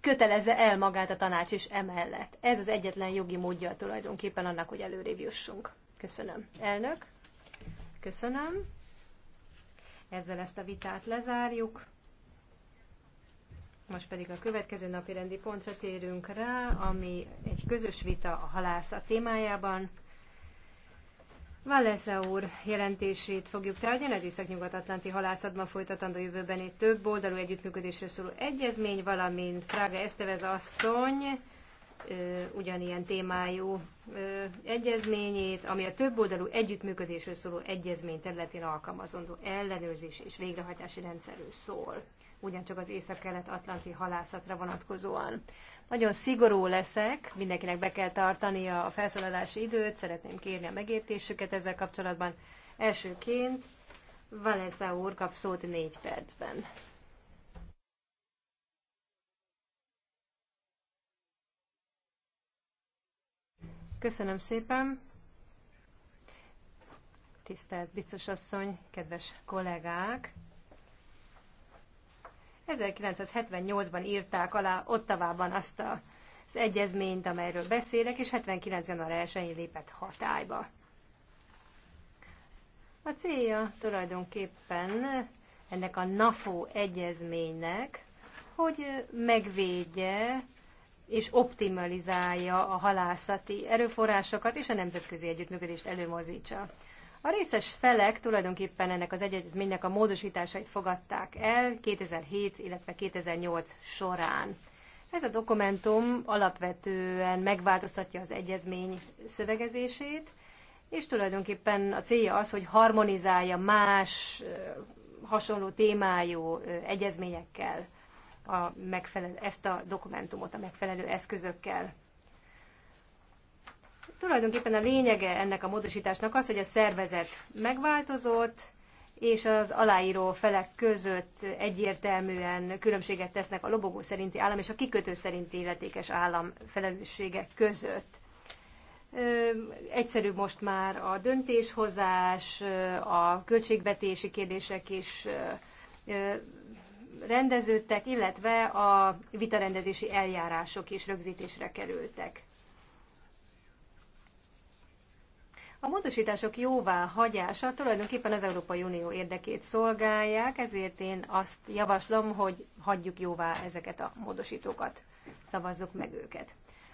kötelezze el magát a tanács is emellett. Ez az egyetlen jogi módja tulajdonképpen annak, hogy előrébb jussunk. Köszönöm. Elnök, köszönöm. Ezzel ezt a vitát lezárjuk. Most pedig a következő napi rendi pontra térünk rá, ami egy közös vita a halászat témájában. Valesza úr jelentését fogjuk tárgyalni az Észak-Nyugat-Atlanti halászatban folytatandó jövőbeni több oldalú együttműködésről szóló egyezmény, valamint Frága Esztevez asszony ugyanilyen témájú egyezményét, ami a több oldalú együttműködésről szóló egyezmény területén alkalmazandó ellenőrzés és végrehajtási rendszerről szól, ugyancsak az Észak-Kelet-Atlanti halászatra vonatkozóan. Nagyon szigorú leszek, mindenkinek be kell tartania a felszólalási időt, szeretném kérni a megértésüket ezzel kapcsolatban. Elsőként Valesza úr kap szót négy percben. Köszönöm szépen. Tisztelt biztos asszony, kedves kollégák! 1978-ban írták alá Ottavában azt a, az egyezményt, amelyről beszélek, és 79. január 1-én lépett hatályba. A célja tulajdonképpen ennek a NAFO egyezménynek, hogy megvédje és optimalizálja a halászati erőforrásokat és a nemzetközi együttműködést előmozítsa. A részes felek tulajdonképpen ennek az egyezménynek a módosításait fogadták el 2007, illetve 2008 során. Ez a dokumentum alapvetően megváltoztatja az egyezmény szövegezését, és tulajdonképpen a célja az, hogy harmonizálja más hasonló témájú egyezményekkel a megfelelő, ezt a dokumentumot a megfelelő eszközökkel. Tulajdonképpen a lényege ennek a módosításnak az, hogy a szervezet megváltozott, és az aláíró felek között egyértelműen különbséget tesznek a lobogó szerinti állam és a kikötő szerinti illetékes állam felelőssége között. Egyszerű most már a döntéshozás, a költségvetési kérdések is rendeződtek, illetve a vitarendezési eljárások is rögzítésre kerültek. A módosítások jóvá hagyása tulajdonképpen az Európai Unió érdekét szolgálják, ezért én azt javaslom, hogy hagyjuk jóvá ezeket a módosítókat, szavazzuk meg őket.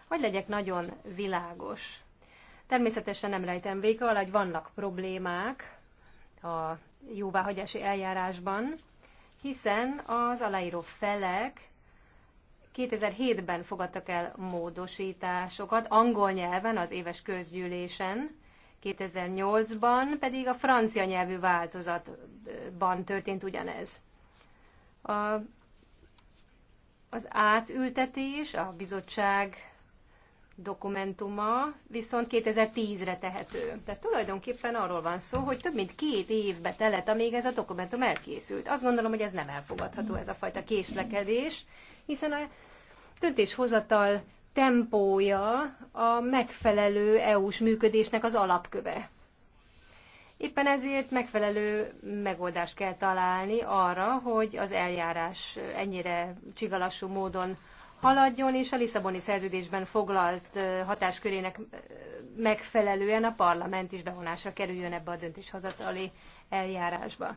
Hogy legyek nagyon világos. Természetesen nem rejtem véka alá, hogy vannak problémák a jóváhagyási eljárásban, hiszen az aláíró felek 2007-ben fogadtak el módosításokat angol nyelven az éves közgyűlésen, 2008-ban pedig a francia nyelvű változatban történt ugyanez. A, az átültetés, a bizottság dokumentuma viszont 2010-re tehető. Tehát tulajdonképpen arról van szó, hogy több mint két évbe telett, amíg ez a dokumentum elkészült. Azt gondolom, hogy ez nem elfogadható, ez a fajta késlekedés, hiszen a döntéshozatal tempója a megfelelő EU-s működésnek az alapköve. Éppen ezért megfelelő megoldást kell találni arra, hogy az eljárás ennyire csigalassú módon haladjon, és a Lisszaboni szerződésben foglalt hatáskörének megfelelően a parlament is bevonásra kerüljön ebbe a döntéshozatali eljárásba.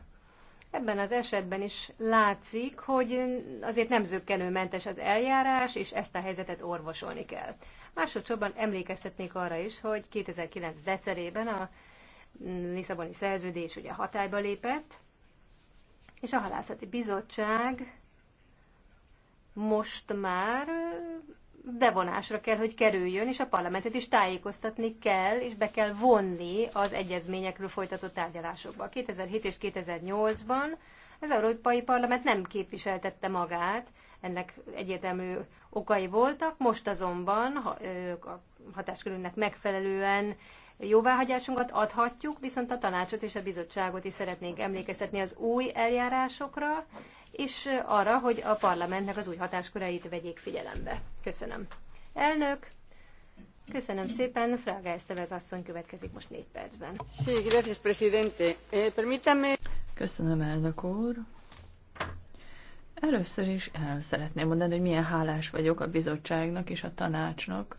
Ebben az esetben is látszik, hogy azért nem zöggenőmentes az eljárás, és ezt a helyzetet orvosolni kell. Másodszorban emlékeztetnék arra is, hogy 2009. decerében a Lisszaboni szerződés ugye hatályba lépett, és a halászati bizottság most már bevonásra kell, hogy kerüljön, és a parlamentet is tájékoztatni kell, és be kell vonni az egyezményekről folytatott tárgyalásokba. 2007 és 2008-ban az Európai Parlament nem képviseltette magát, ennek egyértelmű okai voltak, most azonban a hatáskörünknek megfelelően jóváhagyásunkat adhatjuk, viszont a tanácsot és a bizottságot is szeretnénk emlékeztetni az új eljárásokra, és arra, hogy a parlamentnek az új hatásköreit vegyék figyelembe. Köszönöm. Elnök, köszönöm szépen. Frága Esztevez asszony következik most négy percben. Sí, gracias, presidente. Eh, permítame... Köszönöm, elnök úr. Először is el eh, szeretném mondani, hogy milyen hálás vagyok a bizottságnak és a tanácsnak,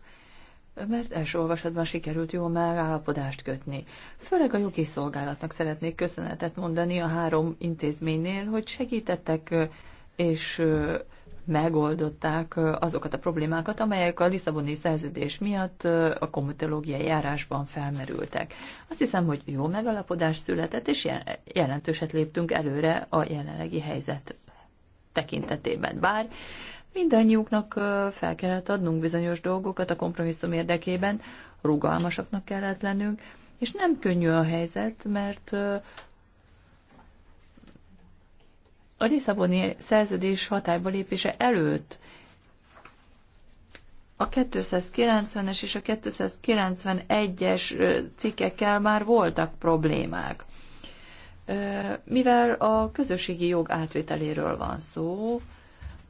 mert első olvasatban sikerült jó megállapodást kötni. Főleg a jogi szolgálatnak szeretnék köszönetet mondani a három intézménynél, hogy segítettek és megoldották azokat a problémákat, amelyek a Lisszaboni szerződés miatt a komitológiai járásban felmerültek. Azt hiszem, hogy jó megalapodás született, és jelentőset léptünk előre a jelenlegi helyzet tekintetében. Bár mindannyiuknak fel kellett adnunk bizonyos dolgokat a kompromisszum érdekében, rugalmasaknak kellett lennünk, és nem könnyű a helyzet, mert a Lisszaboni szerződés hatályba lépése előtt a 290-es és a 291-es cikkekkel már voltak problémák. Mivel a közösségi jog átvételéről van szó,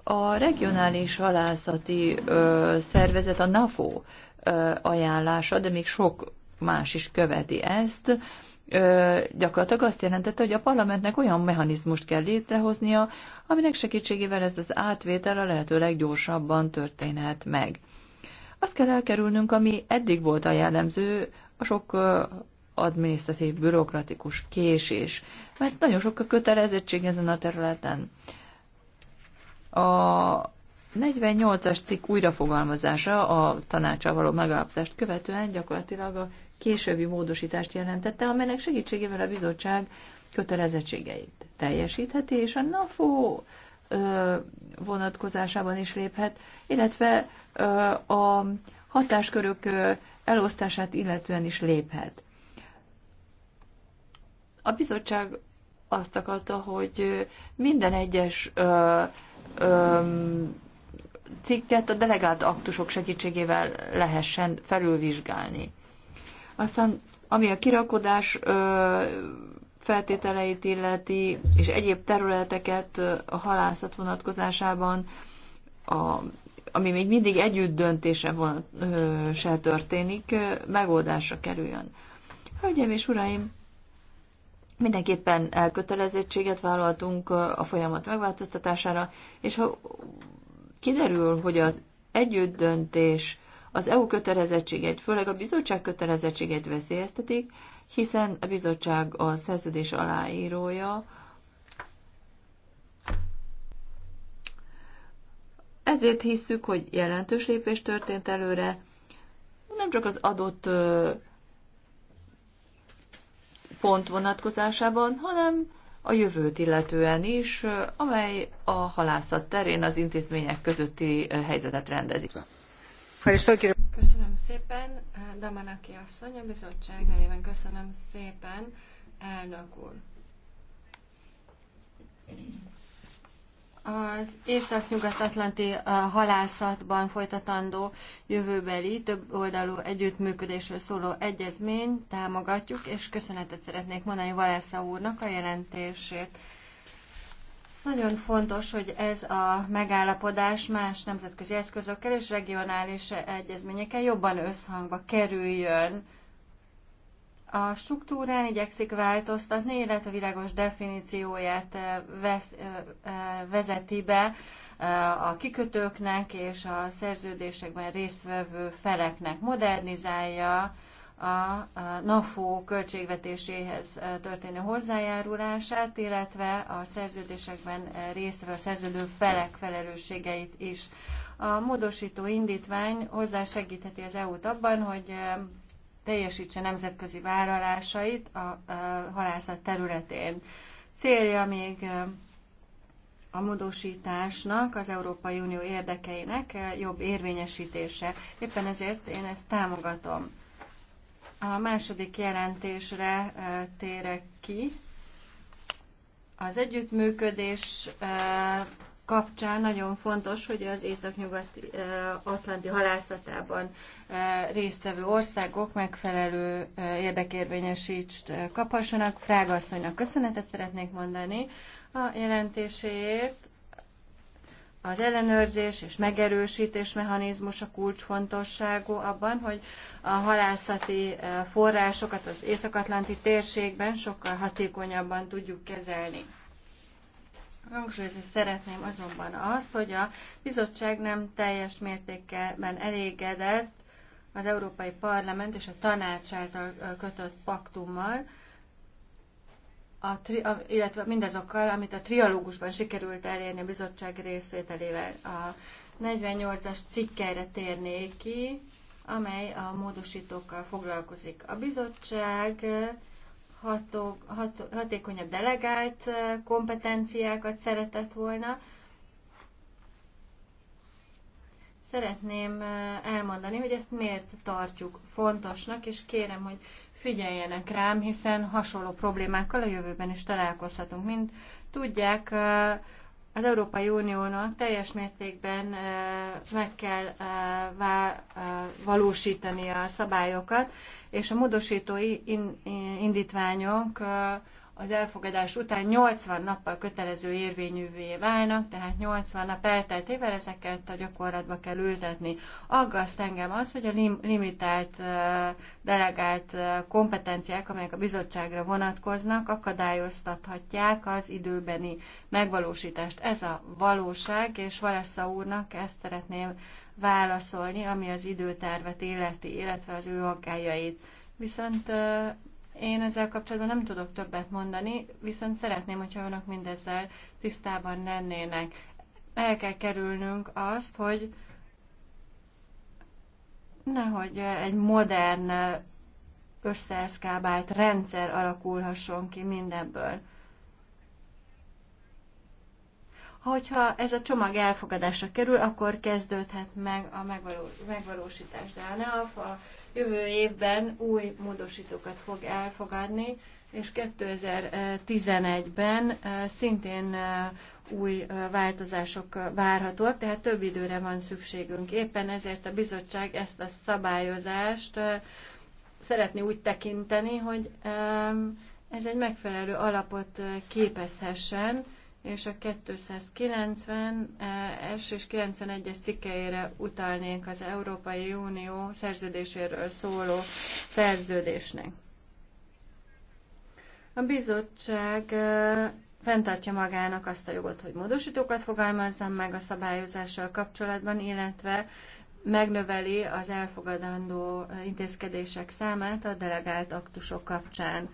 a regionális halászati ö, szervezet, a NAFO ö, ajánlása, de még sok más is követi ezt, ö, gyakorlatilag azt jelentette, hogy a parlamentnek olyan mechanizmust kell létrehoznia, aminek segítségével ez az átvétel a lehető leggyorsabban történhet meg. Azt kell elkerülnünk, ami eddig volt a jellemző, a sok adminisztratív, bürokratikus késés, mert nagyon sok a kötelezettség ezen a területen. A 48-as cikk újrafogalmazása a tanácsal való megállapodást követően gyakorlatilag a későbbi módosítást jelentette, amelynek segítségével a bizottság kötelezettségeit teljesítheti, és a NAFO vonatkozásában is léphet, illetve a hatáskörök elosztását illetően is léphet. A bizottság azt akarta, hogy minden egyes öm, cikket a delegált aktusok segítségével lehessen felülvizsgálni. Aztán, ami a kirakodás ö, feltételeit illeti, és egyéb területeket a halászat vonatkozásában, a, ami még mindig együtt döntése se történik, megoldásra kerüljön. Hölgyeim és uraim, Mindenképpen elkötelezettséget vállaltunk a folyamat megváltoztatására, és ha kiderül, hogy az együttdöntés az EU kötelezettségeit, főleg a bizottság kötelezettségeit veszélyeztetik, hiszen a bizottság a szerződés aláírója, Ezért hisszük, hogy jelentős lépés történt előre, nem csak az adott pont vonatkozásában, hanem a jövőt illetően is, amely a halászat terén az intézmények közötti helyzetet rendezi. Köszönöm szépen, Damanaki asszony, a bizottság nevében köszönöm szépen, elnök úr. Az észak-nyugat-atlanti uh, halászatban folytatandó jövőbeli több oldalú együttműködésről szóló egyezmény támogatjuk, és köszönetet szeretnék mondani Valesza úrnak a jelentését. Nagyon fontos, hogy ez a megállapodás más nemzetközi eszközökkel és regionális egyezményekkel jobban összhangba kerüljön a struktúrán igyekszik változtatni, illetve világos definícióját eh, eh, eh, vezeti be a kikötőknek és a szerződésekben résztvevő feleknek, modernizálja a NAFO költségvetéséhez történő hozzájárulását, illetve a szerződésekben résztvevő szerződő felek felelősségeit is. A módosító indítvány hozzásegítheti az EU-t abban, hogy teljesítse nemzetközi vállalásait a halászat területén. Célja még a módosításnak, az Európai Unió érdekeinek jobb érvényesítése. Éppen ezért én ezt támogatom. A második jelentésre térek ki. Az együttműködés kapcsán nagyon fontos, hogy az északnyugati eh, atlanti halászatában eh, résztvevő országok megfelelő eh, érdekérvényesítést kaphassanak. asszonynak köszönetet szeretnék mondani a jelentéséért. Az ellenőrzés és megerősítés mechanizmusa kulcsfontosságú abban, hogy a halászati forrásokat az északatlanti térségben sokkal hatékonyabban tudjuk kezelni. Hangsúlyozni szeretném azonban azt, hogy a bizottság nem teljes mértékben elégedett az Európai Parlament és a tanács által kötött paktummal, a tri, a, illetve mindazokkal, amit a trialógusban sikerült elérni a bizottság részvételével. A 48-as cikkeire térnék ki, amely a módosítókkal foglalkozik. A bizottság hatók, hat, hatékonyabb delegált kompetenciákat szeretett volna. Szeretném elmondani, hogy ezt miért tartjuk fontosnak, és kérem, hogy figyeljenek rám, hiszen hasonló problémákkal a jövőben is találkozhatunk. Mint tudják, az Európai Uniónak teljes mértékben meg kell valósítani a szabályokat, és a módosító indítványok az elfogadás után 80 nappal kötelező érvényűvé válnak, tehát 80 nap elteltével ezeket a gyakorlatba kell ültetni. Aggaszt engem az, hogy a limitált delegált kompetenciák, amelyek a bizottságra vonatkoznak, akadályoztathatják az időbeni megvalósítást. Ez a valóság, és Valessa úrnak ezt szeretném válaszolni, ami az időtervet illeti, illetve az ő aggájait. Viszont én ezzel kapcsolatban nem tudok többet mondani, viszont szeretném, hogyha önök mindezzel tisztában lennének. El kell kerülnünk azt, hogy nehogy egy modern összeeszkábált rendszer alakulhasson ki mindebből. Hogyha ez a csomag elfogadásra kerül, akkor kezdődhet meg a megvalósítás. De a NEAF a jövő évben új módosítókat fog elfogadni, és 2011-ben eh, szintén eh, új eh, változások várhatóak, tehát több időre van szükségünk. Éppen ezért a bizottság ezt a szabályozást szeretné úgy tekinteni, hogy ez egy megfelelő alapot képezhessen és a 290 e, es és 91-es cikkeire utalnék az Európai Unió szerződéséről szóló szerződésnek. A bizottság e, fenntartja magának azt a jogot, hogy módosítókat fogalmazzam meg a szabályozással kapcsolatban, illetve megnöveli az elfogadandó intézkedések számát a delegált aktusok kapcsán.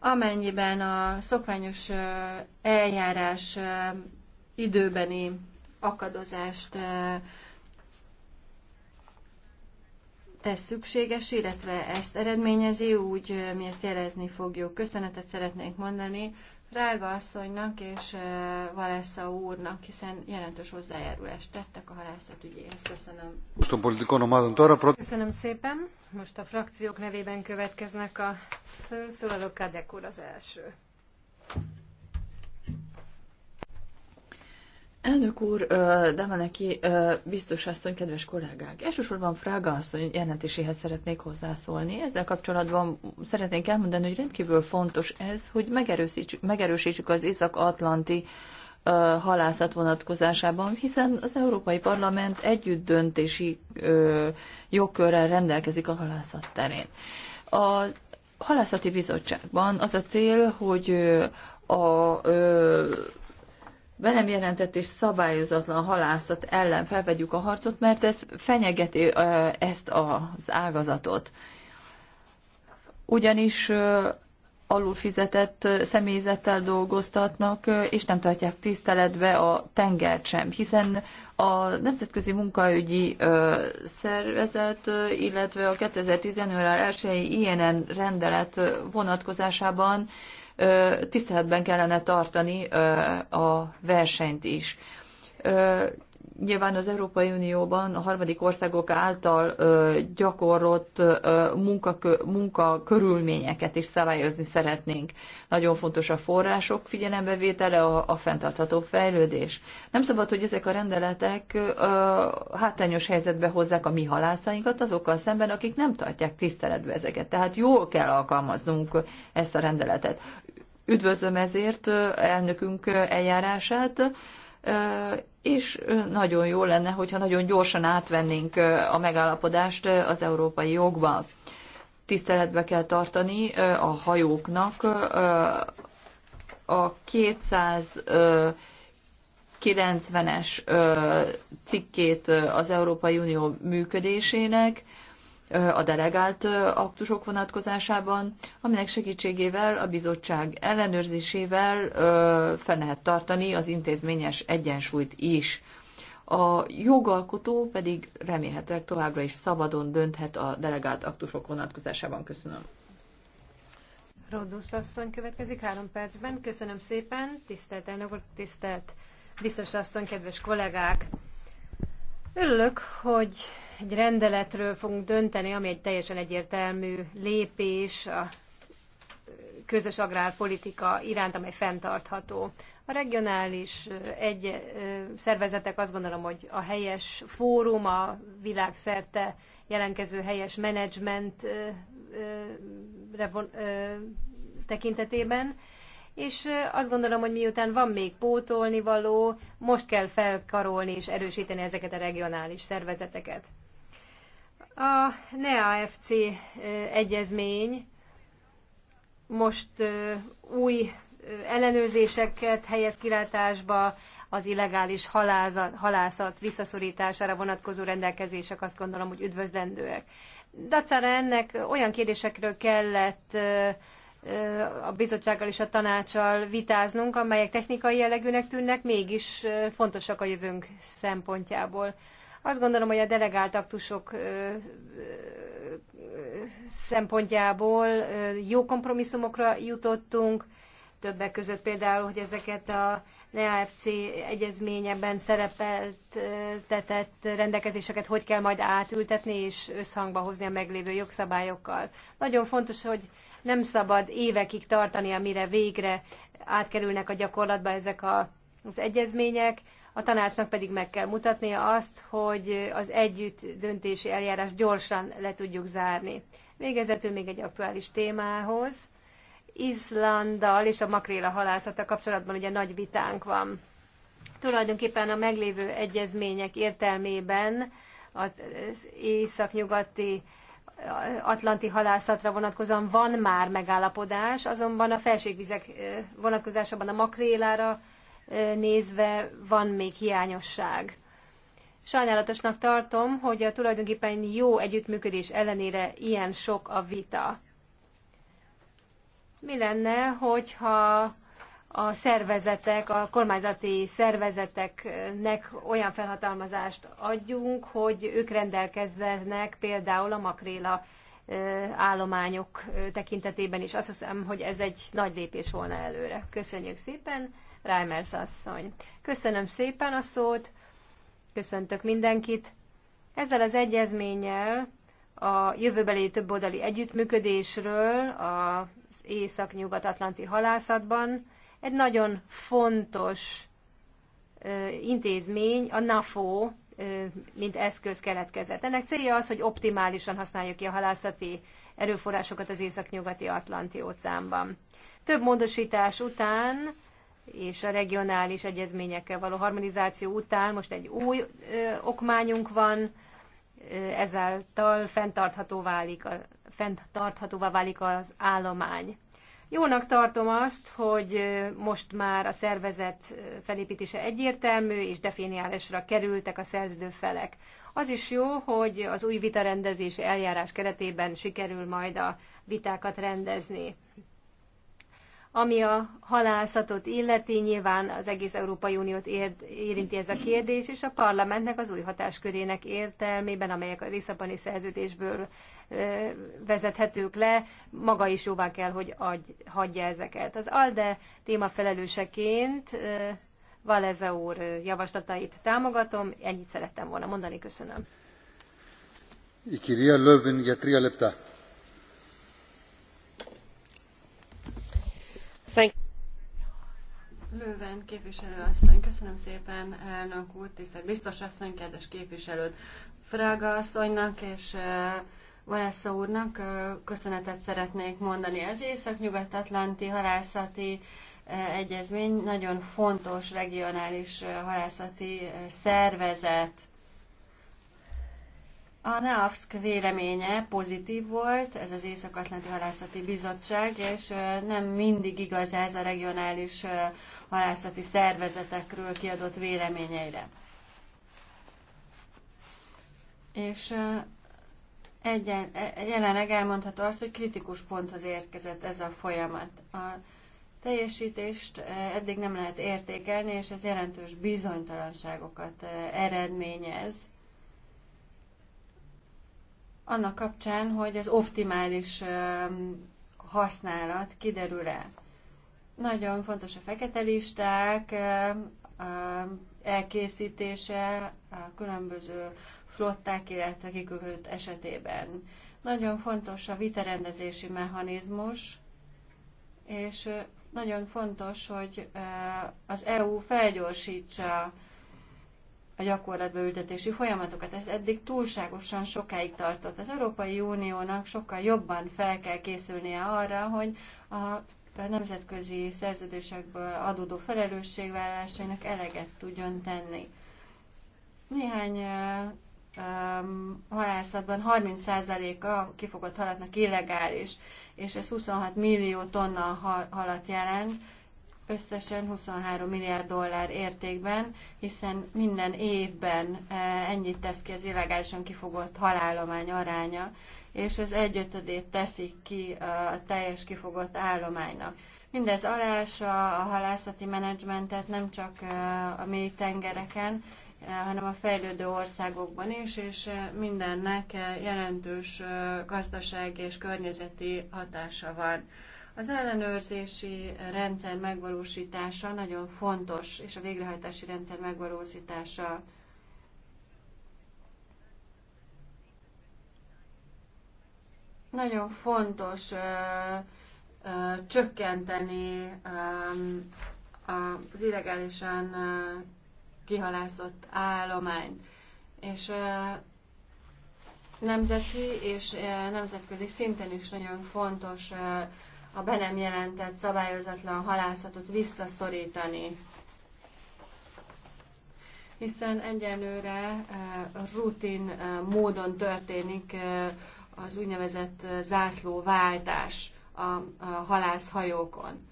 Amennyiben a szokványos eljárás időbeni akadozást tesz szükséges, illetve ezt eredményezi, úgy mi ezt jelezni fogjuk. Köszönetet szeretnénk mondani Rága asszonynak és Valessa úrnak, hiszen jelentős hozzájárulást tettek a halászat ügyéhez. Köszönöm. Köszönöm szépen. Most a frakciók nevében következnek a fölszólaló Kadek úr az első. Elnök úr, de van neki biztos asszony, kedves kollégák. Elsősorban Frága asszony jelentéséhez szeretnék hozzászólni. Ezzel kapcsolatban szeretnék elmondani, hogy rendkívül fontos ez, hogy megerősítsük, megerősítsük az észak-atlanti halászat vonatkozásában, hiszen az Európai Parlament együtt döntési jogkörrel rendelkezik a halászat terén. A halászati bizottságban az a cél, hogy a velem jelentett és szabályozatlan halászat ellen felvegyük a harcot, mert ez fenyegeti ezt az ágazatot. Ugyanis alul fizetett személyzettel dolgoztatnak, és nem tartják tiszteletbe a tengert sem, hiszen a Nemzetközi Munkaügyi Szervezet, illetve a 2015 elsői INN rendelet vonatkozásában tiszteletben kellene tartani a versenyt is nyilván az Európai Unióban a harmadik országok által gyakorlott munkakö, munkakörülményeket is szabályozni szeretnénk. Nagyon fontos a források figyelembevétele, a, a fenntartható fejlődés. Nem szabad, hogy ezek a rendeletek hátrányos helyzetbe hozzák a mi halászainkat azokkal szemben, akik nem tartják tiszteletbe ezeket. Tehát jól kell alkalmaznunk ezt a rendeletet. Üdvözlöm ezért elnökünk eljárását és nagyon jó lenne, hogyha nagyon gyorsan átvennénk a megállapodást az európai jogba. Tiszteletbe kell tartani a hajóknak a 290-es cikkét az Európai Unió működésének, a delegált aktusok vonatkozásában, aminek segítségével a bizottság ellenőrzésével fel lehet tartani az intézményes egyensúlyt is. A jogalkotó pedig remélhetőleg továbbra is szabadon dönthet a delegált aktusok vonatkozásában. Köszönöm. Rodusz asszony következik három percben. Köszönöm szépen, tisztelt elnök úr, tisztelt biztos asszony, kedves kollégák! Örülök, hogy egy rendeletről fogunk dönteni, ami egy teljesen egyértelmű lépés a közös agrárpolitika iránt, amely fenntartható. A regionális egy szervezetek azt gondolom, hogy a helyes fórum, a világszerte jelenkező helyes menedzsment tekintetében, és azt gondolom, hogy miután van még pótolni való, most kell felkarolni és erősíteni ezeket a regionális szervezeteket. A NEAFC egyezmény most új ellenőrzéseket helyez kilátásba, az illegális halázat, halászat visszaszorítására vonatkozó rendelkezések azt gondolom, hogy üdvözlendőek. Dacára ennek olyan kérdésekről kellett a bizottsággal és a tanácsal vitáznunk, amelyek technikai jellegűnek tűnnek, mégis fontosak a jövőnk szempontjából. Azt gondolom, hogy a delegált aktusok szempontjából jó kompromisszumokra jutottunk, többek között például, hogy ezeket a NEAFC egyezményeben szerepeltetett rendelkezéseket hogy kell majd átültetni és összhangba hozni a meglévő jogszabályokkal. Nagyon fontos, hogy nem szabad évekig tartani, amire végre átkerülnek a gyakorlatba ezek a, az egyezmények, a tanácsnak pedig meg kell mutatnia azt, hogy az együtt döntési eljárás gyorsan le tudjuk zárni. Végezetül még egy aktuális témához. Izlanddal és a makréla halászata kapcsolatban ugye nagy vitánk van. Tulajdonképpen a meglévő egyezmények értelmében az északnyugati atlanti halászatra vonatkozóan van már megállapodás, azonban a felségvizek eh, vonatkozásában a makrélára nézve van még hiányosság. Sajnálatosnak tartom, hogy a tulajdonképpen jó együttműködés ellenére ilyen sok a vita. Mi lenne, hogyha a szervezetek, a kormányzati szervezeteknek olyan felhatalmazást adjunk, hogy ők rendelkezzenek például a makréla állományok tekintetében is. Azt hiszem, hogy ez egy nagy lépés volna előre. Köszönjük szépen! Reimers asszony. Köszönöm szépen a szót, köszöntök mindenkit. Ezzel az egyezménnyel a jövőbeli többoldali együttműködésről az észak-nyugat-atlanti halászatban egy nagyon fontos intézmény, a NAFO, mint eszköz keletkezett. Ennek célja az, hogy optimálisan használjuk ki a halászati erőforrásokat az észak-nyugati Atlanti óceánban. Több módosítás után és a regionális egyezményekkel való harmonizáció után most egy új ö, okmányunk van, ö, ezáltal fenntartható válik a, fenntarthatóvá válik az állomány. Jónak tartom azt, hogy most már a szervezet felépítése egyértelmű, és definiálásra kerültek a szerződő felek. Az is jó, hogy az új vitarendezési eljárás keretében sikerül majd a vitákat rendezni. Ami a halászatot illeti, nyilván az egész Európai Uniót érinti ez a kérdés, és a parlamentnek az új hatáskörének értelmében, amelyek a Lisszaboni szerződésből vezethetők le, maga is jóvá kell, hogy adj, hagyja ezeket. Az ALDE témafelelőseként ö, Valeze úr javaslatait támogatom, ennyit szerettem volna mondani, köszönöm. Ikiria Lövön, ja, Lőven képviselő asszony, köszönöm szépen elnök úr, tisztelt biztos asszony, kedves képviselőt. Fraga asszonynak és eh, Valessa úrnak eh, köszönetet szeretnék mondani. Az Észak-Nyugat-Atlanti halászati eh, egyezmény nagyon fontos regionális halászati szervezet. A NEAFSZK véleménye pozitív volt, ez az Észak-Atlanti Halászati Bizottság, és nem mindig igaz ez a regionális halászati szervezetekről kiadott véleményeire. És egyen, e, jelenleg elmondható azt, hogy kritikus ponthoz érkezett ez a folyamat. A teljesítést eddig nem lehet értékelni, és ez jelentős bizonytalanságokat eredményez annak kapcsán, hogy az optimális használat kiderül-e. Nagyon fontos a fekete listák elkészítése a különböző flották, illetve kikötött esetében. Nagyon fontos a vitarendezési mechanizmus, és nagyon fontos, hogy az EU felgyorsítsa a gyakorlatba ültetési folyamatokat. Ez eddig túlságosan sokáig tartott. Az Európai Uniónak sokkal jobban fel kell készülnie arra, hogy a nemzetközi szerződésekből adódó felelősségvállalásainak eleget tudjon tenni. Néhány um, halászatban 30%-a kifogott halatnak illegális, és ez 26 millió tonna halat jelent összesen 23 milliárd dollár értékben, hiszen minden évben eh, ennyit tesz ki az illegálisan kifogott halálomány aránya, és ez egyötödét teszik ki eh, a teljes kifogott állománynak. Mindez alása a halászati menedzsmentet nem csak eh, a mély tengereken, hanem a fejlődő országokban is, és mindennek jelentős gazdasági és környezeti hatása van. Az ellenőrzési rendszer megvalósítása nagyon fontos, és a végrehajtási rendszer megvalósítása nagyon fontos ö, ö, csökkenteni ö, az illegálisan ö, kihalászott állomány. És ö, nemzeti és ö, nemzetközi szinten is nagyon fontos ö, a be nem jelentett szabályozatlan halászatot visszaszorítani. Hiszen egyenlőre eh, rutin eh, módon történik eh, az úgynevezett zászlóváltás a halászhajókon.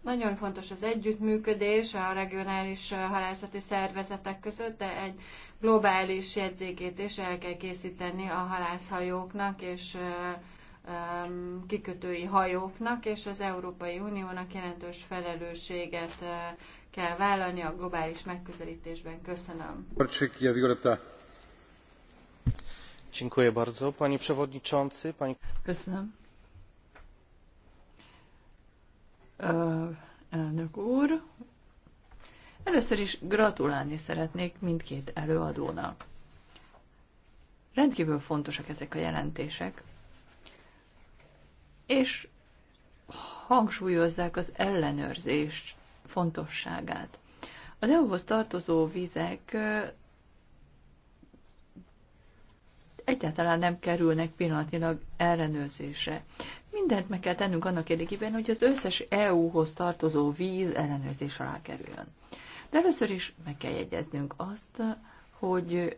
Nagyon fontos az együttműködés a regionális halászati szervezetek között, de egy globális jegyzékét is el kell készíteni a halászhajóknak, és Um, kikötői hajóknak, és az Európai Uniónak jelentős felelősséget uh, kell vállalni a globális megközelítésben. Köszönöm. Dziękuję bardzo. Panie Przewodniczący, Pani... Köszönöm. Elnök úr, először is gratulálni szeretnék mindkét előadónak. Rendkívül fontosak ezek a jelentések, és hangsúlyozzák az ellenőrzés fontosságát. Az EU-hoz tartozó vizek egyáltalán nem kerülnek pillanatilag ellenőrzésre. Mindent meg kell tennünk annak érdekében, hogy az összes EU-hoz tartozó víz ellenőrzés alá kerüljön. De először is meg kell jegyeznünk azt, hogy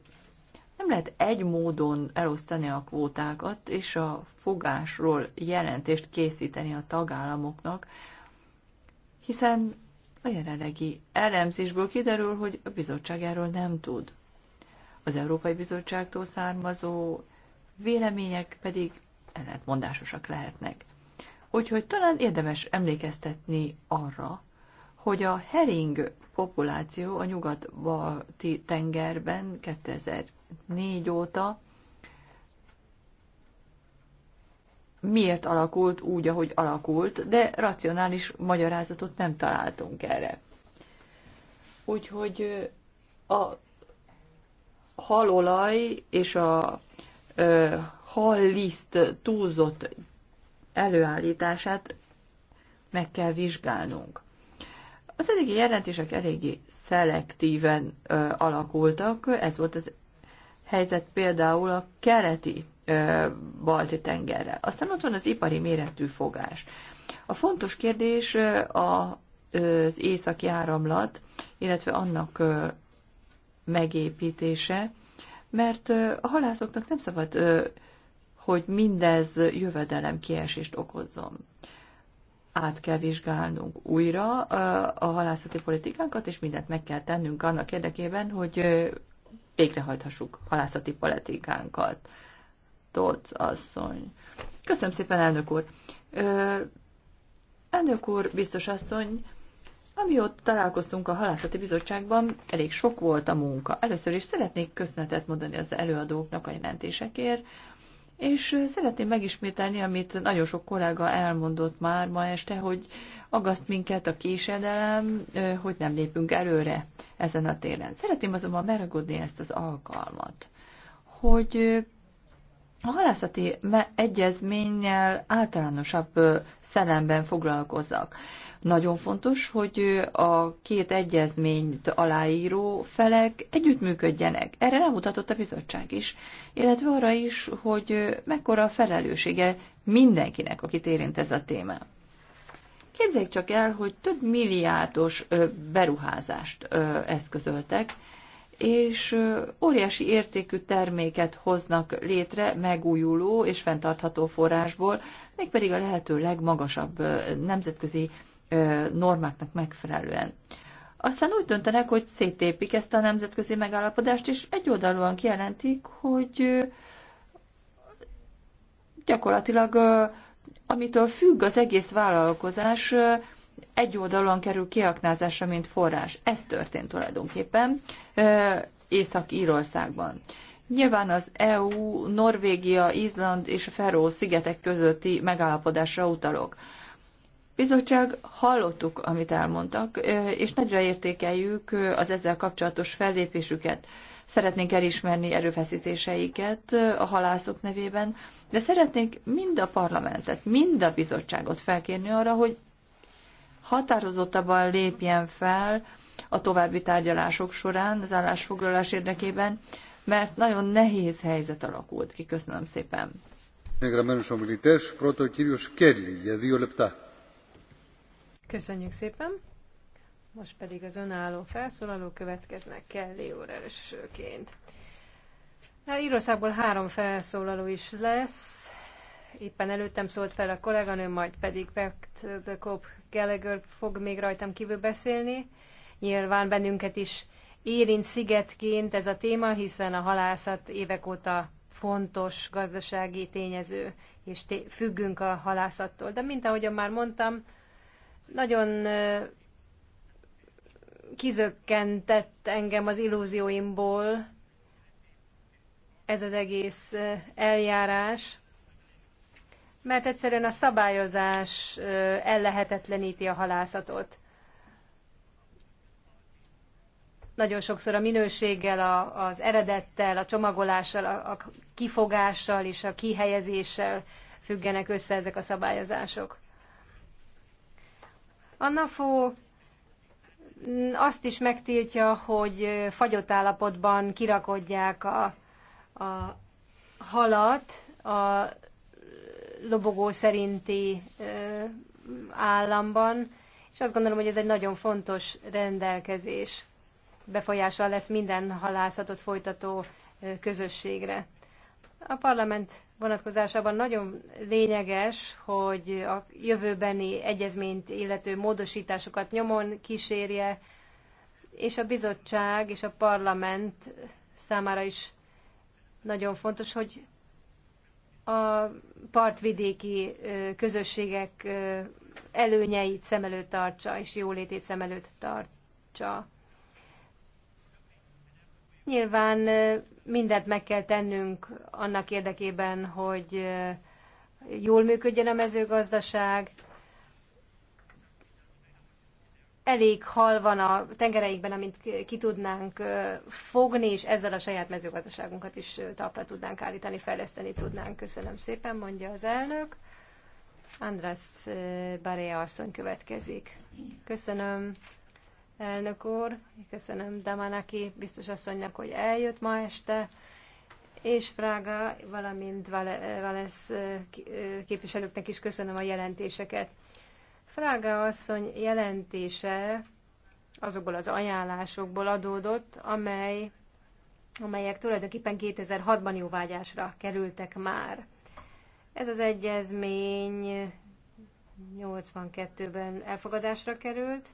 nem lehet egy módon elosztani a kvótákat és a fogásról jelentést készíteni a tagállamoknak, hiszen a jelenlegi elemzésből kiderül, hogy a bizottság erről nem tud. Az Európai Bizottságtól származó vélemények pedig ellentmondásosak lehetnek. Úgyhogy talán érdemes emlékeztetni arra, hogy a hering populáció a nyugat-balti tengerben 2000 négy óta miért alakult úgy, ahogy alakult, de racionális magyarázatot nem találtunk erre. Úgyhogy a halolaj és a halliszt túlzott előállítását meg kell vizsgálnunk. Az eddigi jelentések eléggé szelektíven ö, alakultak, ez volt az helyzet például a keleti balti tengerre. Aztán ott van az ipari méretű fogás. A fontos kérdés a, az északi áramlat, illetve annak megépítése, mert a halászoknak nem szabad, hogy mindez jövedelem kiesést okozzon. Át kell vizsgálnunk újra a halászati politikánkat, és mindent meg kell tennünk annak érdekében, hogy végrehajthassuk halászati politikánkat. Tóth asszony. Köszönöm szépen, elnök úr. Ö, elnök úr, biztos asszony, Amióta találkoztunk a halászati bizottságban, elég sok volt a munka. Először is szeretnék köszönetet mondani az előadóknak a jelentésekért, és szeretném megismételni, amit nagyon sok kollega elmondott már ma este, hogy agaszt minket a késedelem, hogy nem lépünk előre ezen a téren. Szeretném azonban meragudni ezt az alkalmat, hogy a halászati egyezménnyel általánosabb szellemben foglalkozzak. Nagyon fontos, hogy a két egyezményt aláíró felek együttműködjenek. Erre rámutatott a bizottság is, illetve arra is, hogy mekkora a felelőssége mindenkinek, akit érint ez a téma. Képzeljük csak el, hogy több milliárdos beruházást eszközöltek, és óriási értékű terméket hoznak létre megújuló és fenntartható forrásból, mégpedig a lehető legmagasabb nemzetközi normáknak megfelelően. Aztán úgy döntenek, hogy szétépik ezt a nemzetközi megállapodást, és egyoldalúan kijelentik, hogy gyakorlatilag amitől függ az egész vállalkozás, egy oldalon kerül kiaknázásra, mint forrás. Ez történt tulajdonképpen Észak-Írországban. Nyilván az EU, Norvégia, Izland és a Feró szigetek közötti megállapodásra utalok. Bizottság, hallottuk, amit elmondtak, és nagyra értékeljük az ezzel kapcsolatos fellépésüket. Szeretnénk elismerni erőfeszítéseiket a halászok nevében, de szeretnék mind a parlamentet, mind a bizottságot felkérni arra, hogy határozottabban lépjen fel a további tárgyalások során az állásfoglalás érdekében, mert nagyon nehéz helyzet alakult ki. Köszönöm szépen. Köszönjük szépen. Most pedig az önálló felszólaló következnek Kelly úr elsőként. Hát Írországból három felszólaló is lesz. Éppen előttem szólt fel a kolléganő, majd pedig Pact the Cop Gallagher fog még rajtam kívül beszélni. Nyilván bennünket is érint szigetként ez a téma, hiszen a halászat évek óta fontos gazdasági tényező, és függünk a halászattól. De mint ahogyan már mondtam, nagyon kizökkentett engem az illúzióimból, ez az egész eljárás, mert egyszerűen a szabályozás ellehetetleníti a halászatot. Nagyon sokszor a minőséggel, az eredettel, a csomagolással, a, a kifogással és a kihelyezéssel függenek össze ezek a szabályozások. A NAFO mm, azt is megtiltja, hogy fagyott állapotban kirakodják a a halat a lobogó szerinti államban, és azt gondolom, hogy ez egy nagyon fontos rendelkezés. Befolyással lesz minden halászatot folytató közösségre. A parlament vonatkozásában nagyon lényeges, hogy a jövőbeni egyezményt illető módosításokat nyomon kísérje, és a bizottság és a parlament számára is nagyon fontos, hogy a partvidéki közösségek előnyeit szem előtt tartsa, és jólétét szem előtt tartsa. Nyilván mindent meg kell tennünk annak érdekében, hogy jól működjön a mezőgazdaság, elég hal van a tengereikben, amit ki tudnánk fogni, és ezzel a saját mezőgazdaságunkat is talpra tudnánk állítani, fejleszteni tudnánk. Köszönöm szépen, mondja az elnök. András Barea asszony következik. Köszönöm, elnök úr, köszönöm Damanaki biztos asszonynak, hogy eljött ma este, és Frága, valamint Valesz képviselőknek is köszönöm a jelentéseket. Frága asszony jelentése azokból az ajánlásokból adódott, amely, amelyek tulajdonképpen 2006-ban jóvágyásra kerültek már. Ez az egyezmény 82-ben elfogadásra került,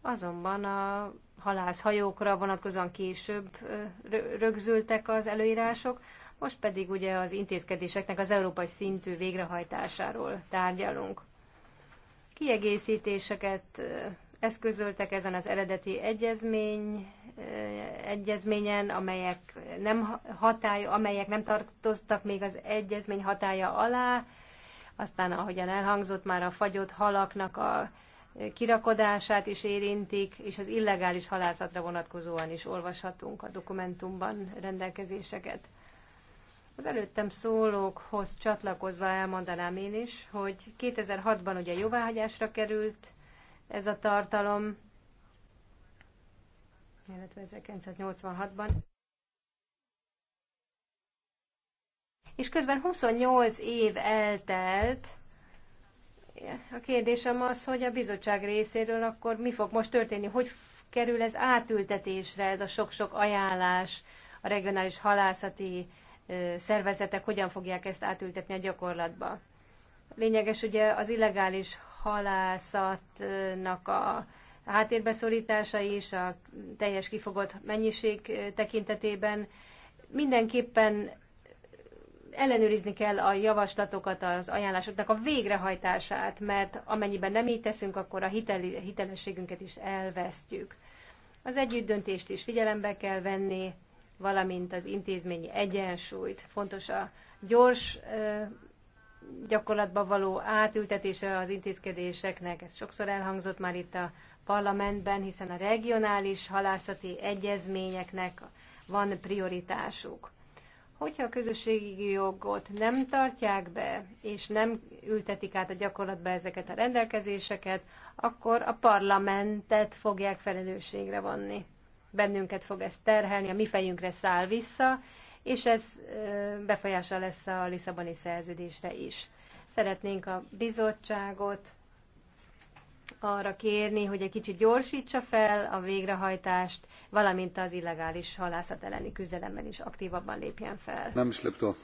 azonban a halászhajókra vonatkozóan később rögzültek az előírások, most pedig ugye az intézkedéseknek az európai szintű végrehajtásáról tárgyalunk. Kiegészítéseket eszközöltek ezen az eredeti egyezmény, egyezményen, amelyek nem, hatály, amelyek nem tartoztak még az egyezmény hatája alá, aztán ahogyan elhangzott már a fagyott halaknak a kirakodását is érintik, és az illegális halászatra vonatkozóan is olvashatunk a dokumentumban rendelkezéseket. Az előttem szólókhoz csatlakozva elmondanám én is, hogy 2006-ban ugye jóváhagyásra került ez a tartalom, illetve 1986-ban. És közben 28 év eltelt, a kérdésem az, hogy a bizottság részéről akkor mi fog most történni, hogy kerül ez átültetésre, ez a sok-sok ajánlás a regionális halászati szervezetek hogyan fogják ezt átültetni a gyakorlatba. Lényeges ugye az illegális halászatnak a háttérbeszorítása is, a teljes kifogott mennyiség tekintetében. Mindenképpen ellenőrizni kell a javaslatokat, az ajánlásoknak a végrehajtását, mert amennyiben nem így teszünk, akkor a hitel, hitelességünket is elvesztjük. Az együttdöntést is figyelembe kell venni, valamint az intézményi egyensúlyt. Fontos a gyors gyakorlatban való átültetése az intézkedéseknek, ez sokszor elhangzott már itt a parlamentben, hiszen a regionális halászati egyezményeknek van prioritásuk. Hogyha a közösségi jogot nem tartják be, és nem ültetik át a gyakorlatba ezeket a rendelkezéseket, akkor a parlamentet fogják felelősségre vonni bennünket fog ez terhelni, a mi fejünkre száll vissza, és ez befolyása lesz a Lisszaboni szerződésre is. Szeretnénk a bizottságot arra kérni, hogy egy kicsit gyorsítsa fel a végrehajtást, valamint az illegális halászat elleni küzdelemben is aktívabban lépjen fel. Nem is lepto.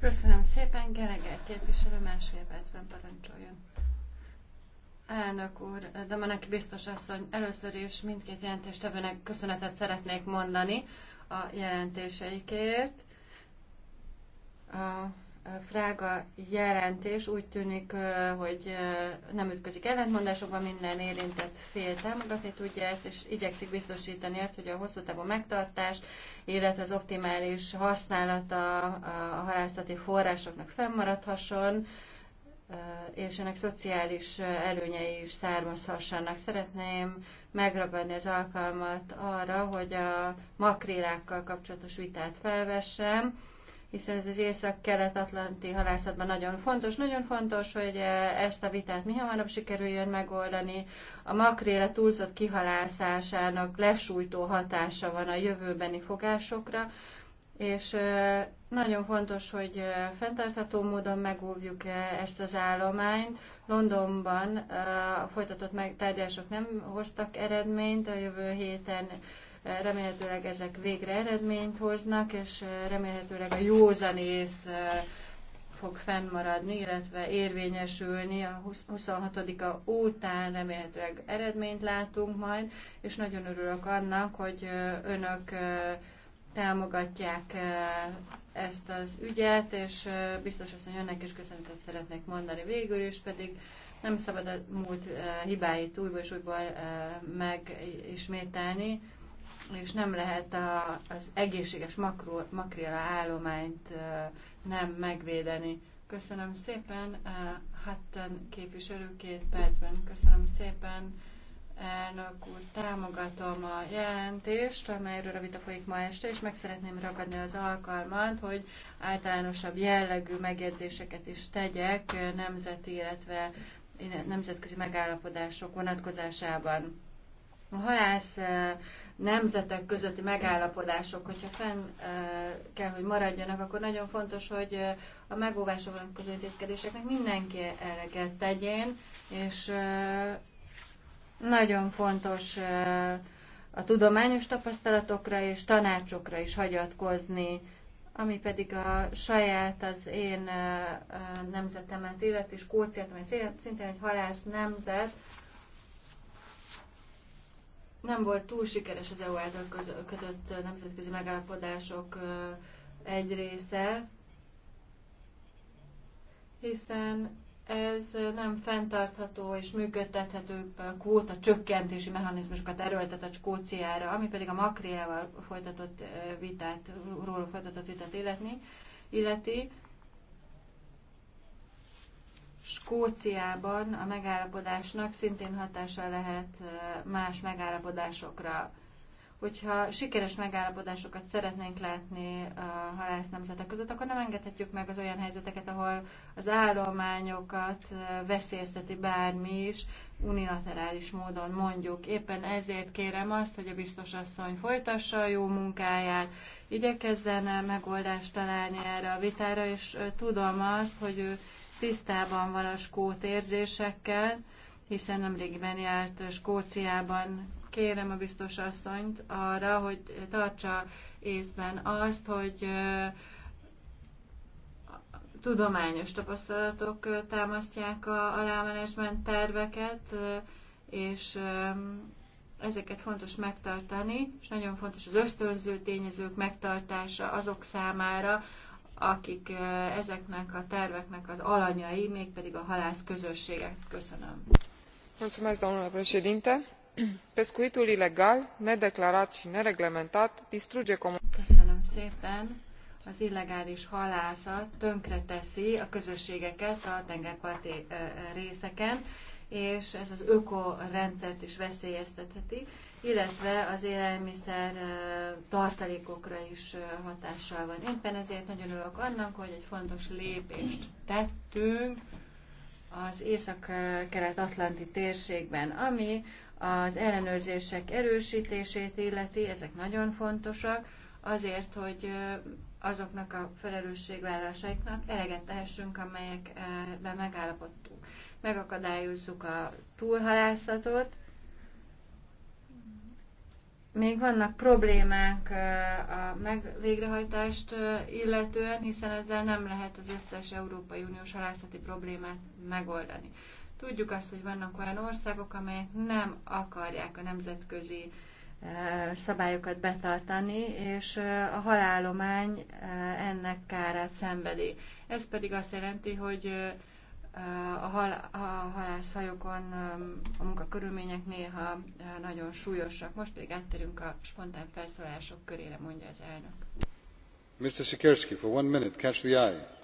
Köszönöm szépen, Geregel képviselő másfél percben parancsoljon. Elnök úr, de Meneki biztos asszony, először is mindkét jelentéstevőnek köszönetet szeretnék mondani a jelentéseikért. A frága jelentés úgy tűnik, hogy nem ütközik ellentmondásokban, minden érintett fél támogatni tudja ezt, és igyekszik biztosítani azt, hogy a hosszú távú megtartás, illetve az optimális használata a halászati forrásoknak fennmaradhasson, és ennek szociális előnyei is származhassanak. Szeretném megragadni az alkalmat arra, hogy a makrélákkal kapcsolatos vitát felvessem, hiszen ez az észak-kelet-atlanti halászatban nagyon fontos. Nagyon fontos, hogy ezt a vitát mi hamarabb sikerüljön megoldani. A makréla túlzott kihalászásának lesújtó hatása van a jövőbeni fogásokra, és nagyon fontos, hogy fenntartható módon megóvjuk ezt az állományt. Londonban a folytatott tárgyások nem hoztak eredményt, a jövő héten remélhetőleg ezek végre eredményt hoznak, és remélhetőleg a józanész fog fennmaradni, illetve érvényesülni. A 26-a után remélhetőleg eredményt látunk majd, és nagyon örülök annak, hogy önök támogatják ezt az ügyet, és biztos azt, hogy önnek is köszönetet szeretnék mondani végül, és pedig nem szabad a múlt hibáit újból és újból megismételni, és nem lehet a, az egészséges makró makrila állományt nem megvédeni. Köszönöm szépen, Hattan képviselőként percben. Köszönöm szépen. Elnök úr, támogatom a jelentést, amelyről a vita folyik ma este, és meg szeretném ragadni az alkalmat, hogy általánosabb jellegű megjegyzéseket is tegyek nemzeti, illetve nemzetközi megállapodások vonatkozásában. A halász eh, nemzetek közötti megállapodások, hogyha fenn eh, kell, hogy maradjanak, akkor nagyon fontos, hogy eh, a megóvásra vonatkozó intézkedéseknek mindenki eleget tegyen, és nagyon fontos a tudományos tapasztalatokra és tanácsokra is hagyatkozni, ami pedig a saját, az én nemzetemet illet, és kóciát, ami szintén egy halász nemzet, nem volt túl sikeres az EU által kötött nemzetközi megállapodások egy része, hiszen ez nem fenntartható és működtethető kvóta csökkentési mechanizmusokat erőltet Skóciára, ami pedig a makriával folytatott eh, vitát, róla folytatott vitát illetni, illeti. Skóciában a megállapodásnak szintén hatása lehet eh, más megállapodásokra hogyha sikeres megállapodásokat szeretnénk látni a halász nemzetek között, akkor nem engedhetjük meg az olyan helyzeteket, ahol az állományokat veszélyezteti bármi is, unilaterális módon mondjuk. Éppen ezért kérem azt, hogy a biztos asszony folytassa a jó munkáját, igyekezzen megoldást találni erre a vitára, és tudom azt, hogy ő tisztában van a skót érzésekkel, hiszen nemrégiben járt Skóciában kérem a biztos asszonyt arra, hogy tartsa észben azt, hogy tudományos tapasztalatok támasztják a, a terveket, és ezeket fontos megtartani, és nagyon fontos az ösztönző tényezők megtartása azok számára, akik ezeknek a terveknek az alanyai, mégpedig a halász közösségek. Köszönöm. Mulțumesc, domnule președinte pescuitul ilegal nedeclarat i nereglementat distruge az illegális halászat tönkreteszi a közösségeket a tengerparti részeken, és ez az ökorendszert is veszélyeztetheti, illetve az élelmiszer tartalékokra is hatással van. Éppen ezért nagyon örülök annak, hogy egy fontos lépést tettünk az észak-kelet-atlanti térségben, ami az ellenőrzések erősítését illeti, ezek nagyon fontosak, azért, hogy azoknak a felelősségvállásaiknak eleget tehessünk, amelyekben megállapodtunk. Megakadályozzuk a túlhalászatot, még vannak problémák a megvégrehajtást illetően, hiszen ezzel nem lehet az összes Európai Uniós halászati problémát megoldani. Tudjuk azt, hogy vannak olyan országok, amelyek nem akarják a nemzetközi eh, szabályokat betartani, és eh, a halálomány eh, ennek kárát szenvedi. Ez pedig azt jelenti, hogy a, hal, a halászhajókon a munkakörülmények néha nagyon súlyosak. Most pedig átterünk a spontán felszólások körére, mondja az elnök. Mr. Sikerski, for one minute, catch the eye.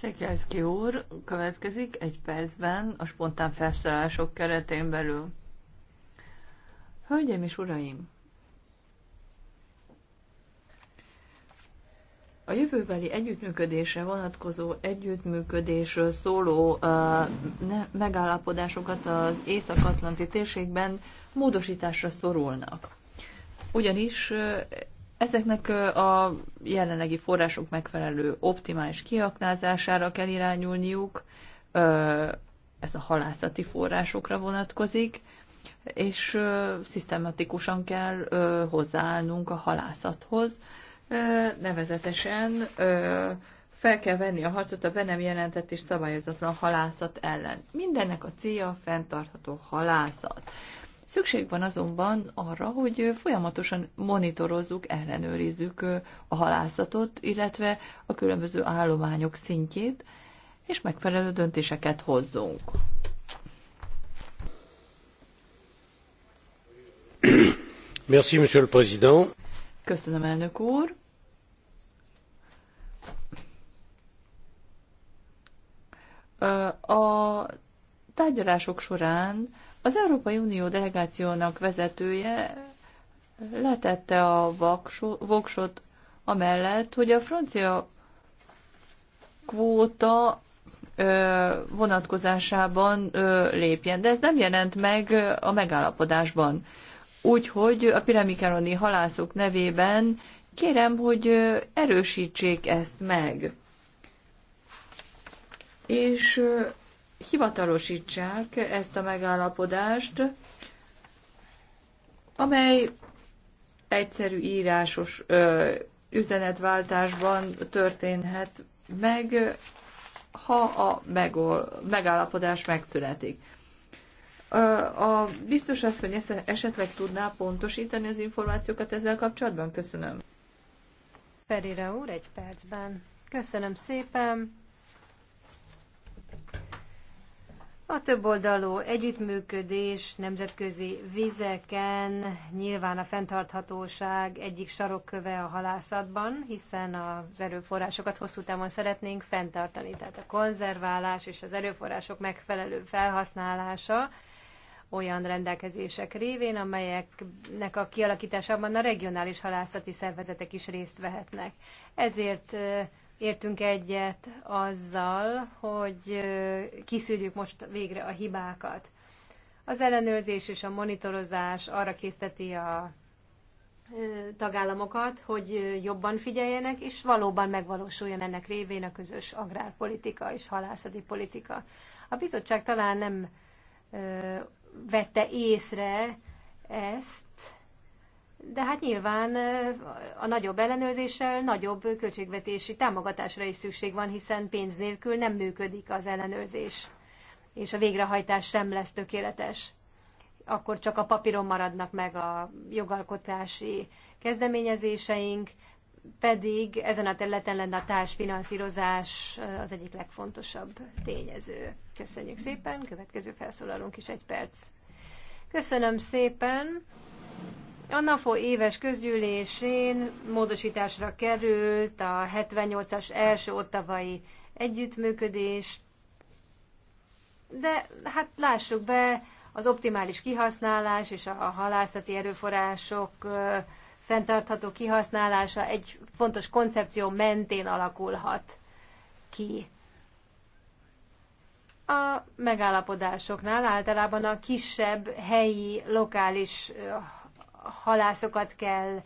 Szekelszki úr következik egy percben a spontán felszállások keretén belül. Hölgyeim és uraim! A jövőbeli együttműködésre vonatkozó együttműködésről szóló uh, ne, megállapodásokat az Észak-Atlanti térségben módosításra szorulnak. Ugyanis uh, Ezeknek a jelenlegi források megfelelő optimális kiaknázására kell irányulniuk, ez a halászati forrásokra vonatkozik, és szisztematikusan kell hozzáállnunk a halászathoz, nevezetesen fel kell venni a harcot a be nem jelentett és szabályozatlan halászat ellen. Mindennek a célja a fenntartható halászat. Szükség van azonban arra, hogy folyamatosan monitorozzuk, ellenőrizzük a halászatot, illetve a különböző állományok szintjét, és megfelelő döntéseket hozzunk. Merci, Monsieur le Président. Köszönöm, elnök úr. A tárgyalások során az Európai Unió delegációnak vezetője letette a voksot amellett, hogy a francia kvóta vonatkozásában lépjen, de ez nem jelent meg a megállapodásban. Úgyhogy a piramikaroni halászok nevében kérem, hogy erősítsék ezt meg. És hivatalosítsák ezt a megállapodást, amely egyszerű írásos ö, üzenetváltásban történhet meg, ha a megol, megállapodás megszületik. A biztos asszony esetleg tudná pontosítani az információkat ezzel kapcsolatban? Köszönöm. Ferire úr, egy percben. Köszönöm szépen. A többoldalú együttműködés nemzetközi vizeken nyilván a fenntarthatóság egyik sarokköve a halászatban, hiszen az erőforrásokat hosszú távon szeretnénk fenntartani, tehát a konzerválás és az erőforrások megfelelő felhasználása olyan rendelkezések révén, amelyeknek a kialakításában a regionális halászati szervezetek is részt vehetnek. Ezért értünk egyet azzal, hogy kiszűrjük most végre a hibákat. Az ellenőrzés és a monitorozás arra készíteti a tagállamokat, hogy jobban figyeljenek, és valóban megvalósuljon ennek révén a közös agrárpolitika és halászati politika. A bizottság talán nem vette észre ezt, de hát nyilván a nagyobb ellenőrzéssel nagyobb költségvetési támogatásra is szükség van, hiszen pénz nélkül nem működik az ellenőrzés, és a végrehajtás sem lesz tökéletes. Akkor csak a papíron maradnak meg a jogalkotási kezdeményezéseink, pedig ezen a területen lenne a társfinanszírozás az egyik legfontosabb tényező. Köszönjük szépen, következő felszólalunk is egy perc. Köszönöm szépen. A NAFO éves közgyűlésén módosításra került a 78-as első ottavai együttműködés, de hát lássuk be, az optimális kihasználás és a halászati erőforrások fenntartható kihasználása egy fontos koncepció mentén alakulhat ki. A megállapodásoknál általában a kisebb helyi, lokális halászokat kell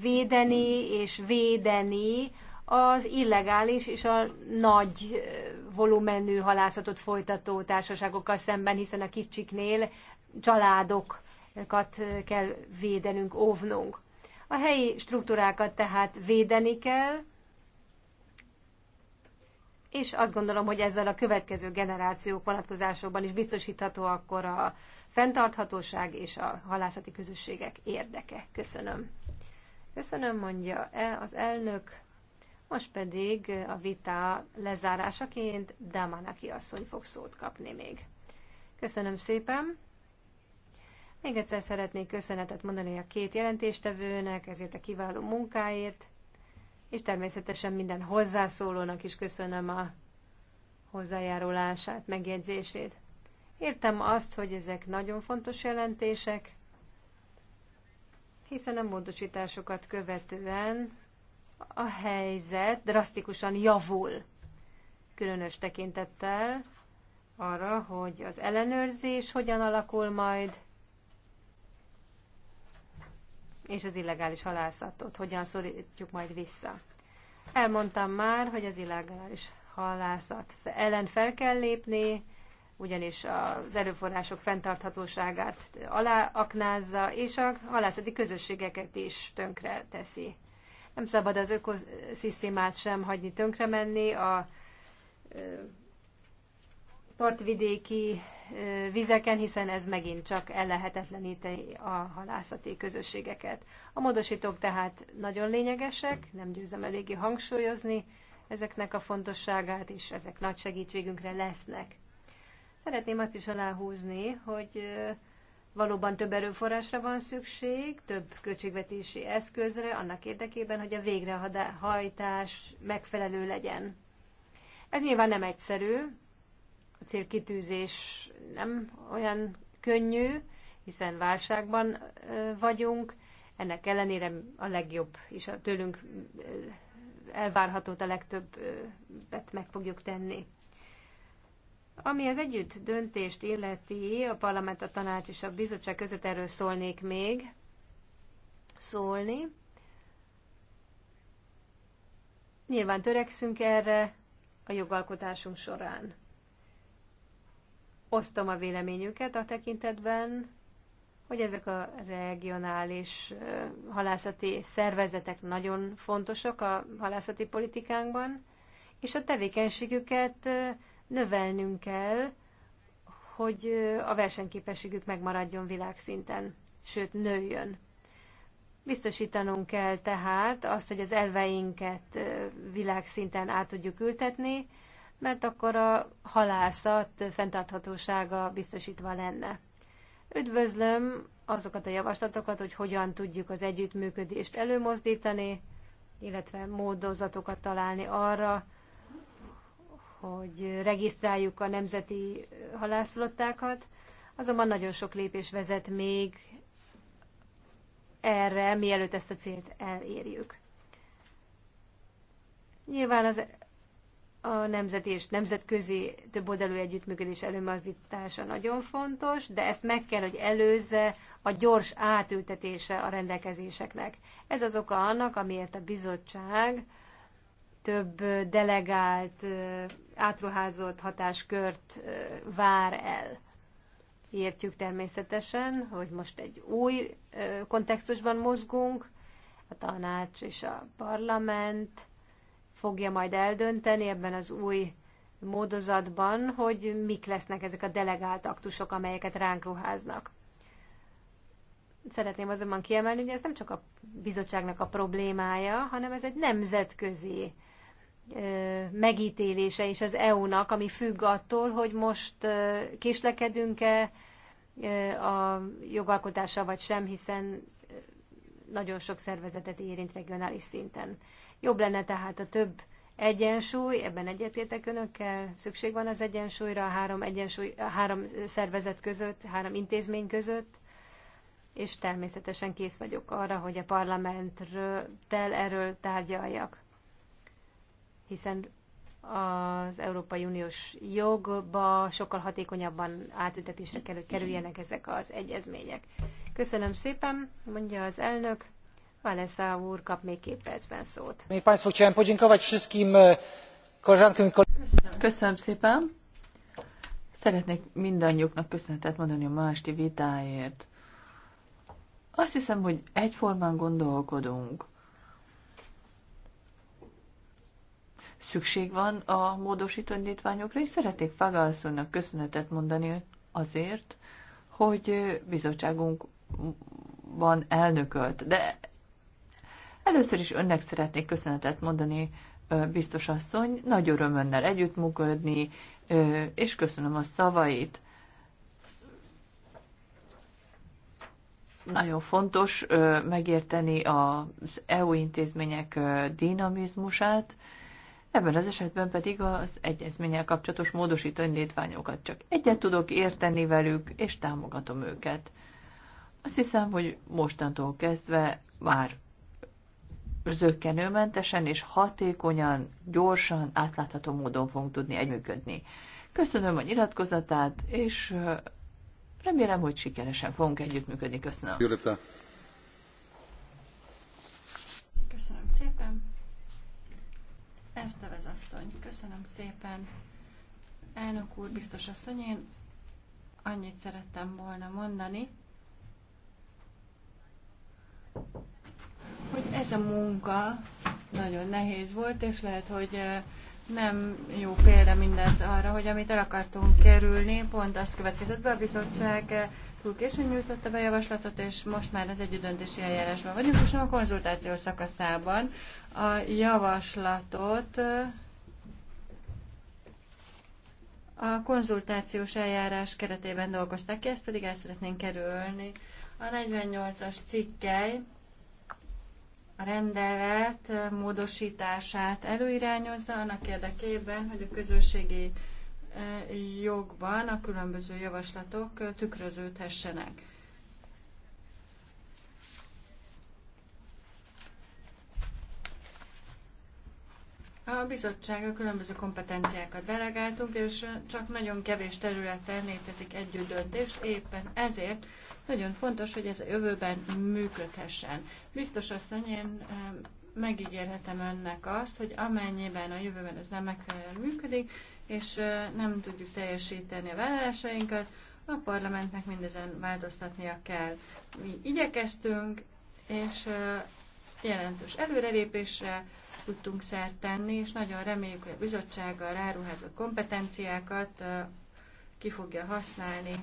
védeni és védeni az illegális és a nagy volumenű halászatot folytató társaságokkal szemben, hiszen a kicsiknél családokat kell védenünk, óvnunk. A helyi struktúrákat tehát védeni kell, és azt gondolom, hogy ezzel a következő generációk vonatkozásokban is biztosítható akkor a fenntarthatóság és a halászati közösségek érdeke. Köszönöm. Köszönöm, mondja -e az elnök. Most pedig a vita lezárásaként Damanaki asszony fog szót kapni még. Köszönöm szépen. Még egyszer szeretnék köszönetet mondani a két jelentéstevőnek ezért a kiváló munkáért, és természetesen minden hozzászólónak is köszönöm a hozzájárulását, megjegyzését. Értem azt, hogy ezek nagyon fontos jelentések, hiszen a módosításokat követően a helyzet drasztikusan javul, különös tekintettel arra, hogy az ellenőrzés hogyan alakul majd, és az illegális halászatot hogyan szorítjuk majd vissza. Elmondtam már, hogy az illegális halászat ellen fel kell lépni, ugyanis az erőforrások fenntarthatóságát aláaknázza, és a halászati közösségeket is tönkre teszi. Nem szabad az ökoszisztémát sem hagyni tönkre menni, a partvidéki vizeken, hiszen ez megint csak ellehetetleníti a halászati közösségeket. A módosítók tehát nagyon lényegesek, nem győzem eléggé hangsúlyozni ezeknek a fontosságát, és ezek nagy segítségünkre lesznek. Szeretném azt is aláhúzni, hogy valóban több erőforrásra van szükség, több költségvetési eszközre, annak érdekében, hogy a végrehajtás megfelelő legyen. Ez nyilván nem egyszerű, a célkitűzés nem olyan könnyű, hiszen válságban vagyunk, ennek ellenére a legjobb és a tőlünk elvárhatót a legtöbbet meg fogjuk tenni. Ami az együtt döntést illeti, a parlament, a tanács és a bizottság között erről szólnék még szólni. Nyilván törekszünk erre a jogalkotásunk során. Osztom a véleményüket a tekintetben, hogy ezek a regionális halászati szervezetek nagyon fontosak a halászati politikánkban, és a tevékenységüket növelnünk kell, hogy a versenyképességük megmaradjon világszinten, sőt nőjön. Biztosítanunk kell tehát azt, hogy az elveinket világszinten át tudjuk ültetni, mert akkor a halászat fenntarthatósága biztosítva lenne. Üdvözlöm azokat a javaslatokat, hogy hogyan tudjuk az együttműködést előmozdítani, illetve módozatokat találni arra, hogy regisztráljuk a nemzeti halászflottákat, azonban nagyon sok lépés vezet még erre, mielőtt ezt a célt elérjük. Nyilván az a nemzeti és nemzetközi oldalú együttműködés előmozdítása nagyon fontos, de ezt meg kell, hogy előzze a gyors átültetése a rendelkezéseknek. Ez az oka annak, amiért a bizottság több delegált átruházott hatáskört vár el. Értjük természetesen, hogy most egy új kontextusban mozgunk, a tanács és a parlament fogja majd eldönteni ebben az új módozatban, hogy mik lesznek ezek a delegált aktusok, amelyeket ránk ruháznak. Szeretném azonban kiemelni, hogy ez nem csak a bizottságnak a problémája, hanem ez egy nemzetközi megítélése is az EU-nak, ami függ attól, hogy most késlekedünk-e a jogalkotása vagy sem, hiszen nagyon sok szervezetet érint regionális szinten. Jobb lenne tehát a több egyensúly, ebben egyetértek önökkel, szükség van az egyensúlyra a három, egyensúly, a három szervezet között, három intézmény között, és természetesen kész vagyok arra, hogy a parlamentről tel erről tárgyaljak hiszen az Európai Uniós jogba sokkal hatékonyabban átültetésre kell, hogy kerüljenek ezek az egyezmények. Köszönöm szépen, mondja az elnök. Valesza úr kap még két percben szót. E, Köszönöm szépen. Szeretnék mindannyiuknak köszönetet mondani a ma esti vitáért. Azt hiszem, hogy egyformán gondolkodunk. szükség van a módosító indítványokra, és szeretnék Fagalszónak köszönetet mondani azért, hogy bizottságunkban elnökölt. De először is önnek szeretnék köszönetet mondani, biztos asszony, nagy öröm önnel együttműködni, és köszönöm a szavait. Nagyon fontos megérteni az EU intézmények dinamizmusát, Ebben az esetben pedig az egyezménnyel kapcsolatos módosító indítványokat csak egyet tudok érteni velük, és támogatom őket. Azt hiszem, hogy mostantól kezdve már zöggenőmentesen és hatékonyan, gyorsan, átlátható módon fogunk tudni egyműködni. Köszönöm a nyilatkozatát, és remélem, hogy sikeresen fogunk együttműködni. Köszönöm. Esztevez asszony, köszönöm szépen. Elnök úr, biztos asszony, én annyit szerettem volna mondani, hogy ez a munka nagyon nehéz volt, és lehet, hogy eh, nem jó példa mindez arra, hogy amit el akartunk kerülni, pont azt következett be a bizottság túl későn nyújtotta be a javaslatot, és most már az együttdöntési eljárásban vagyunk, és nem a konzultáció szakaszában a javaslatot a konzultációs eljárás keretében dolgozták ki, ezt pedig el szeretnénk kerülni. A 48-as cikkely a rendelet módosítását előirányozza annak érdekében, hogy a közösségi eh, jogban a különböző javaslatok tükröződhessenek. A bizottságra különböző kompetenciákat delegáltunk, és csak nagyon kevés területen létezik együtt döntés, éppen ezért nagyon fontos, hogy ez a jövőben működhessen. Biztos asszony, én eh, megígérhetem önnek azt, hogy amennyiben a jövőben ez nem megfelelően működik, és eh, nem tudjuk teljesíteni a vállalásainkat, a parlamentnek mindezen változtatnia kell. Mi igyekeztünk, és eh, jelentős előrelépésre tudtunk szert tenni, és nagyon reméljük, hogy a bizottsággal ráruházott kompetenciákat ki fogja használni.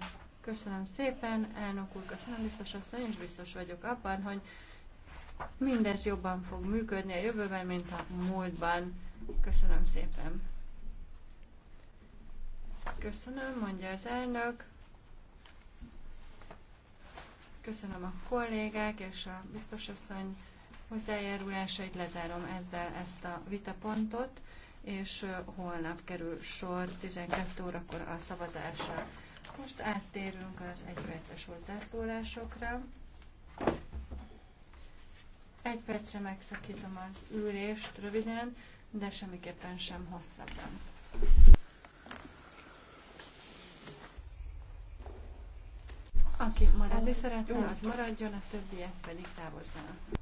Köszönöm szépen, elnök úr, köszönöm biztos asszony, és biztos vagyok abban, hogy mindez jobban fog működni a jövőben, mint a múltban. Köszönöm szépen. Köszönöm, mondja az elnök. Köszönöm a kollégák és a biztosasszony hozzájárulásait. Lezárom ezzel ezt a vitapontot, és holnap kerül sor 12 órakor a szavazásra. Most áttérünk az egyperces hozzászólásokra. Egy percre megszakítom az ülést röviden, de semmiképpen sem hosszabban. Aki maradni szeretne, az maradjon, a többiek pedig távozzanak.